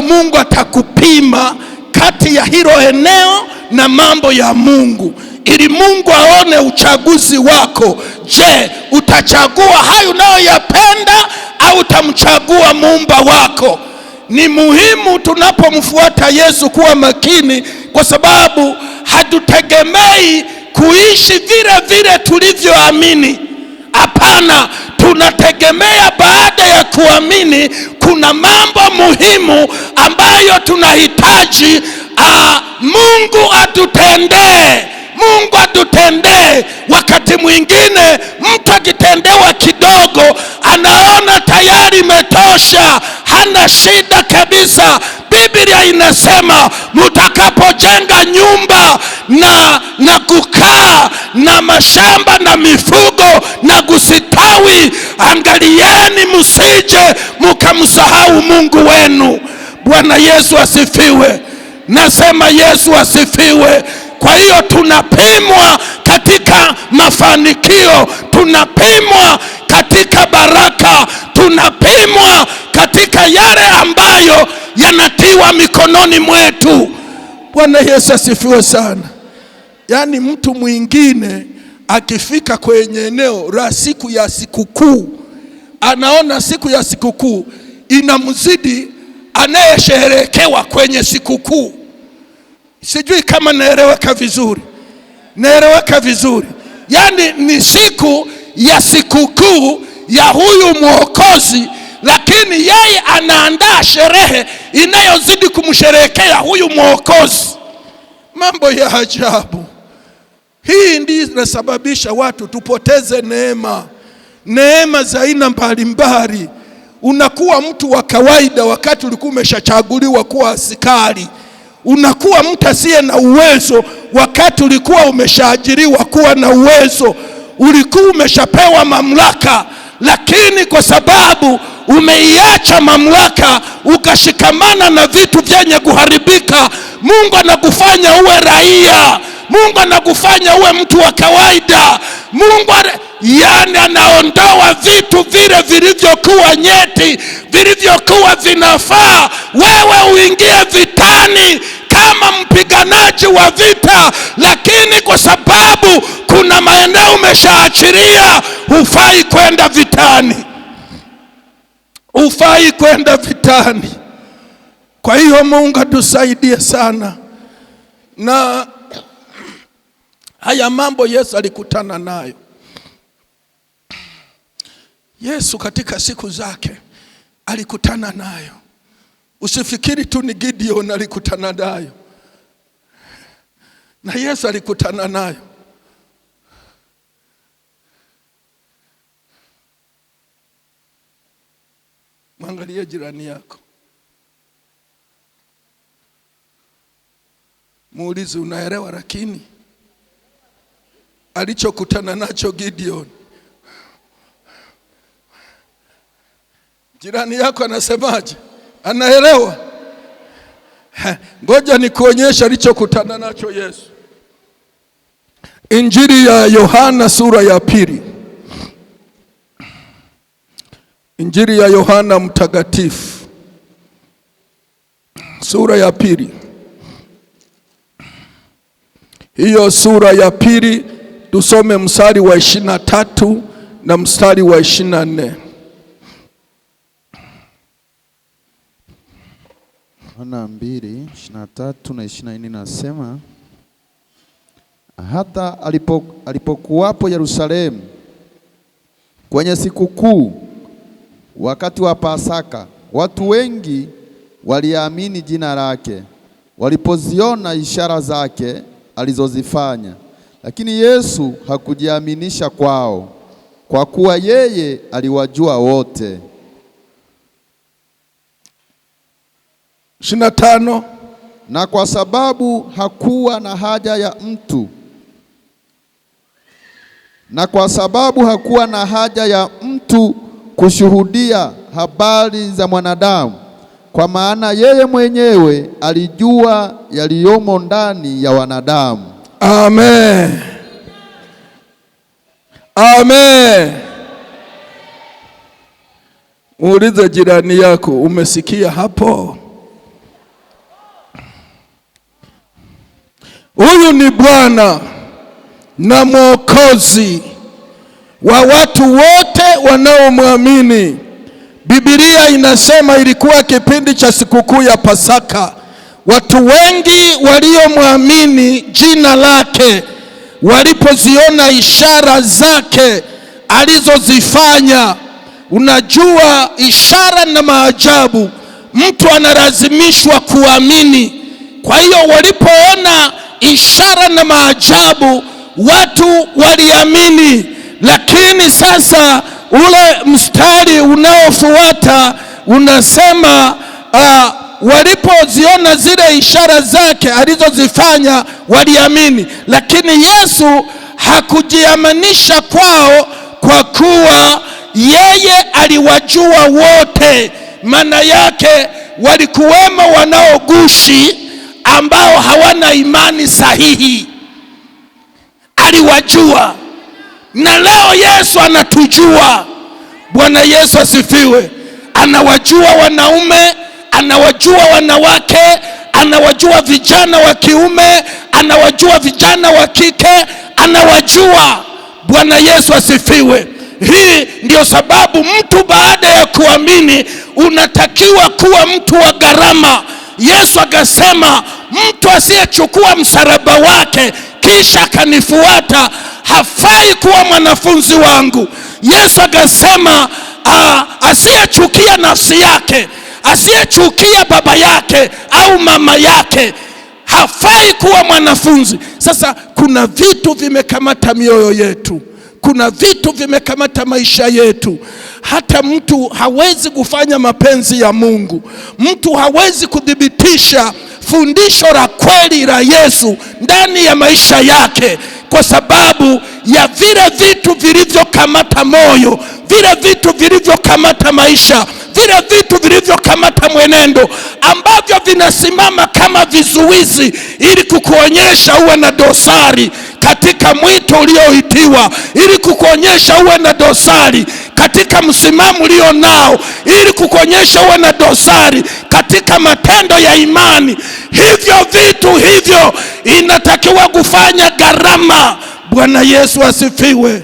Mungu atakupima kati ya hilo eneo na mambo ya Mungu, ili Mungu aone uchaguzi wako. Je, utachagua hayo unayoyapenda au utamchagua muumba wako? Ni muhimu tunapomfuata Yesu kuwa makini, kwa sababu hatutegemei kuishi vile vile tulivyoamini. Hapana tunategemea baada ya kuamini kuna mambo muhimu ambayo tunahitaji a, ah, Mungu atutendee, Mungu atutendee. Wakati mwingine mtu akitendewa kidogo anaona tayari imetosha, hana shida kabisa. Biblia inasema mtakapojenga nyumba na, na kukaa na mashamba na mifugo na kusitawi. Angalieni msije mukamsahau Mungu wenu. Bwana Yesu asifiwe. Nasema Yesu asifiwe. Kwa hiyo tunapimwa katika mafanikio, tunapimwa katika baraka, tunapimwa katika yale ambayo yanatiwa mikononi mwetu. Bwana Yesu asifiwe sana. Yaani mtu mwingine akifika kwenye eneo la siku ya sikukuu, anaona siku ya sikukuu inamzidi anayesherekewa kwenye sikukuu. Sijui kama naeleweka vizuri, naeleweka vizuri. Yaani ni siku ya sikukuu ya huyu Mwokozi, lakini yeye anaandaa sherehe inayozidi kumsherehekea huyu Mwokozi. Mambo ya ajabu. Hii ndiyo inasababisha watu tupoteze neema, neema za aina mbalimbali. Unakuwa mtu wa kawaida wakati ulikuwa umeshachaguliwa kuwa askari. Unakuwa mtu asiye na uwezo wakati ulikuwa umeshaajiriwa kuwa na uwezo. Ulikuwa umeshapewa mamlaka, lakini kwa sababu umeiacha mamlaka ukashikamana na vitu vyenye kuharibika, Mungu anakufanya uwe raia Mungu anakufanya uwe mtu wa kawaida. Mungu yani anaondoa vitu vile vilivyokuwa nyeti, vilivyokuwa vinafaa wewe uingie vitani kama mpiganaji wa vita, lakini kwa sababu kuna maeneo umeshaachiria, hufai kwenda vitani, hufai kwenda vitani. Kwa hiyo Mungu atusaidie sana na Haya mambo Yesu alikutana nayo. Yesu katika siku zake alikutana nayo. Usifikiri tu ni Gideon alikutana nayo, na Yesu alikutana nayo. Mwangalie jirani yako, muulize, unaelewa lakini alichokutana nacho Gideon. Jirani yako anasemaje? Anaelewa? Ngoja nikuonyeshe alichokutana nacho Yesu. Injili ya Yohana sura ya pili. Injili ya Yohana mtakatifu sura ya pili, hiyo sura ya pili tusome mstari wa ishirini na tatu na mstari wa ishirini na nne Yohana mbili ishirini na tatu na ishirini na nne nasema hata alipo, alipokuwapo Yerusalemu kwenye sikukuu wakati wa Pasaka, watu wengi waliamini jina lake walipoziona ishara zake alizozifanya, lakini Yesu hakujiaminisha kwao, kwa kuwa yeye aliwajua wote. ishirini tano. Na kwa sababu hakuwa na haja ya mtu na kwa sababu hakuwa na haja ya mtu kushuhudia habari za mwanadamu, kwa maana yeye mwenyewe alijua yaliyomo ndani ya wanadamu. Amen. Amen. Muulize jirani yako, umesikia hapo? Huyu ni Bwana na Mwokozi wa watu wote wanaomwamini. Biblia inasema ilikuwa kipindi cha sikukuu ya Pasaka. Watu wengi waliomwamini jina lake walipoziona ishara zake alizozifanya. Unajua, ishara na maajabu, mtu analazimishwa kuamini. Kwa hiyo walipoona ishara na maajabu, watu waliamini. Lakini sasa ule mstari unaofuata unasema uh, walipoziona zile ishara zake alizozifanya waliamini, lakini Yesu hakujiamanisha kwao, kwa kuwa yeye aliwajua wote. Maana yake walikuwemo wanaogushi ambao hawana imani sahihi, aliwajua. Na leo Yesu anatujua. Bwana Yesu asifiwe. Anawajua wanaume anawajua wanawake anawajua vijana wa kiume anawajua vijana wa kike anawajua bwana yesu asifiwe hii ndiyo sababu mtu baada ya kuamini unatakiwa kuwa mtu wa gharama yesu akasema mtu asiyechukua msalaba wake kisha akanifuata hafai kuwa mwanafunzi wangu yesu akasema ah, asiyechukia nafsi yake asiyechukia baba yake au mama yake hafai kuwa mwanafunzi. Sasa kuna vitu vimekamata mioyo yetu, kuna vitu vimekamata maisha yetu. Hata mtu hawezi kufanya mapenzi ya Mungu, mtu hawezi kuthibitisha fundisho la kweli la Yesu ndani ya maisha yake, kwa sababu ya vile vitu vilivyokamata moyo vile vitu vilivyokamata maisha, vile vitu vilivyokamata mwenendo, ambavyo vinasimama kama vizuizi ili kukuonyesha uwe na dosari katika mwito ulioitiwa, ili kukuonyesha uwe na dosari katika msimamo ulio nao, ili kukuonyesha uwe na dosari katika matendo ya imani. Hivyo vitu hivyo inatakiwa kufanya gharama. Bwana Yesu asifiwe.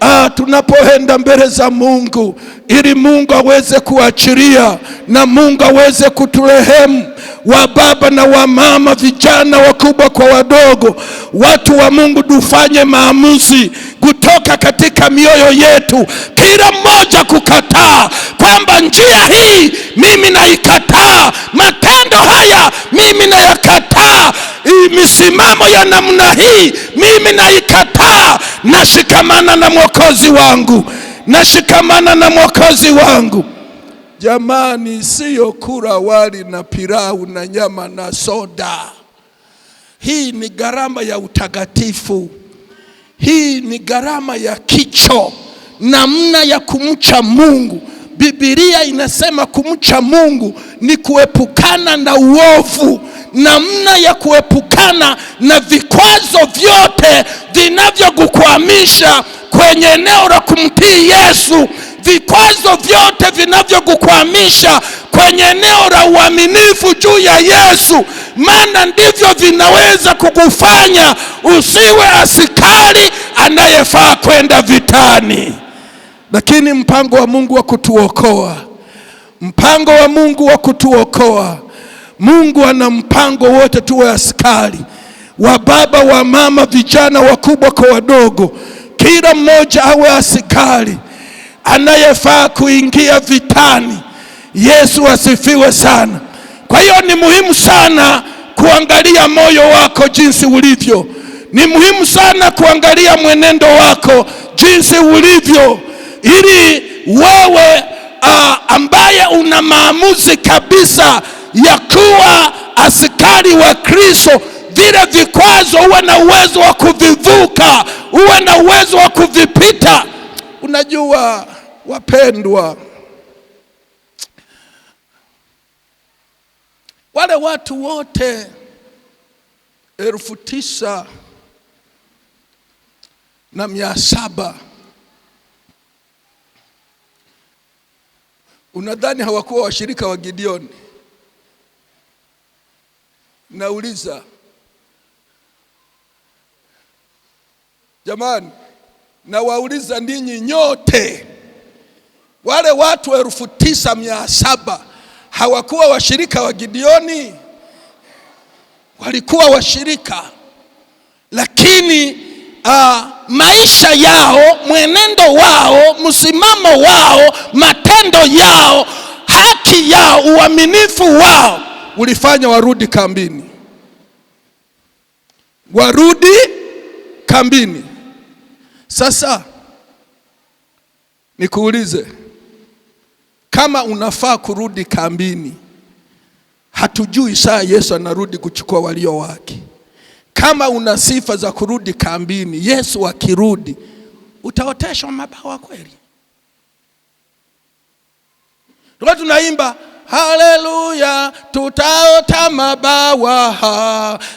Ah, tunapoenda mbele za Mungu ili Mungu aweze kuachilia na Mungu aweze kuturehemu, wa baba na wa mama, vijana wakubwa kwa wadogo, watu wa Mungu, tufanye maamuzi kutoka katika mioyo yetu, kila mmoja kukataa kwamba njia hii mimi naikataa, matendo haya mimi nayakataa hii misimamo ya namna hii mimi naikataa. Nashikamana na mwokozi wangu, nashikamana na mwokozi wangu. Jamani, siyo kula wali na pilau na nyama na soda. Hii ni gharama ya utakatifu, hii ni gharama ya kicho, namna ya kumcha Mungu. Biblia inasema kumcha Mungu ni kuepukana na uovu, namna ya kuepukana na vikwazo vyote vinavyokukwamisha kwenye eneo la kumtii Yesu, vikwazo vyote vinavyokukwamisha kwenye eneo la uaminifu juu ya Yesu, maana ndivyo vinaweza kukufanya usiwe askari anayefaa kwenda vitani lakini mpango wa Mungu wa kutuokoa, mpango wa Mungu wa kutuokoa. Mungu ana mpango wote, tuwe askari wa baba wa mama, vijana wakubwa kwa wadogo, kila mmoja awe askari anayefaa kuingia vitani. Yesu asifiwe sana. Kwa hiyo ni muhimu sana kuangalia moyo wako jinsi ulivyo, ni muhimu sana kuangalia mwenendo wako jinsi ulivyo ili wewe uh, ambaye una maamuzi kabisa ya kuwa askari wa Kristo, vile vikwazo uwe na uwezo wa kuvivuka, uwe na uwezo wa kuvipita. Unajua wapendwa, wale watu wote elfu tisa na mia saba Unadhani hawakuwa washirika wa Gideoni? Nauliza jamani, nawauliza ninyi nyote, wale watu elfu tisa mia saba hawakuwa washirika wa Gideoni? Walikuwa washirika, lakini uh, maisha yao, mwenendo wao, msimamo wao, matendo yao, haki yao, uaminifu wao ulifanya warudi kambini, warudi kambini. Sasa nikuulize, kama unafaa kurudi kambini, hatujui saa Yesu anarudi kuchukua walio wake. Kama una sifa za kurudi kambini, Yesu akirudi utaoteshwa mabawa kweli. Tuko tunaimba haleluya, tutaota mabawa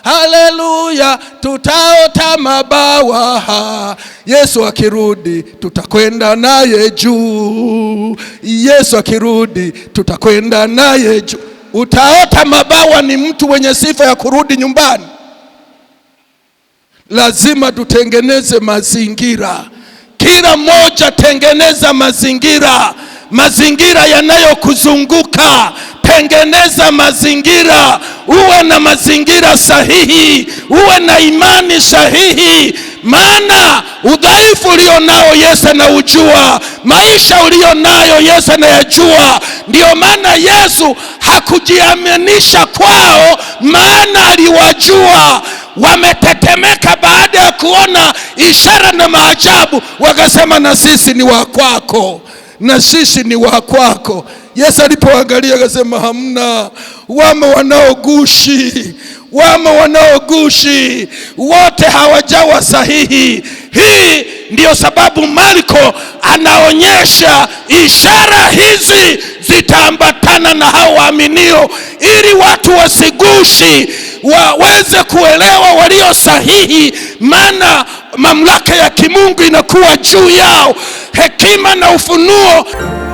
Haleluya, tutaota mabawa Yesu akirudi tutakwenda naye juu. Yesu akirudi tutakwenda naye juu. Utaota mabawa ni mtu mwenye sifa ya kurudi nyumbani lazima tutengeneze mazingira. Kila mmoja tengeneza mazingira, mazingira yanayokuzunguka tengeneza mazingira, uwe na mazingira sahihi, uwe na imani sahihi, maana udhaifu ulio nao Yesu anaujua, maisha ulio nayo Yesu anayajua. Ndiyo maana Yesu hakujiaminisha kwao, maana aliwajua wametetemeka kuona ishara na maajabu, wakasema na sisi ni wa kwako, na sisi ni wa kwako. Yesu alipoangalia akasema, hamna. Wamo wanaogushi, wamo wanaogushi, wote hawajawa sahihi. Hii ndiyo sababu Marko anaonyesha ishara hizi zitaambatana na hao waaminio, ili watu wasigushi waweze kuelewa walio sahihi, maana mamlaka ya kimungu inakuwa juu yao, hekima na ufunuo.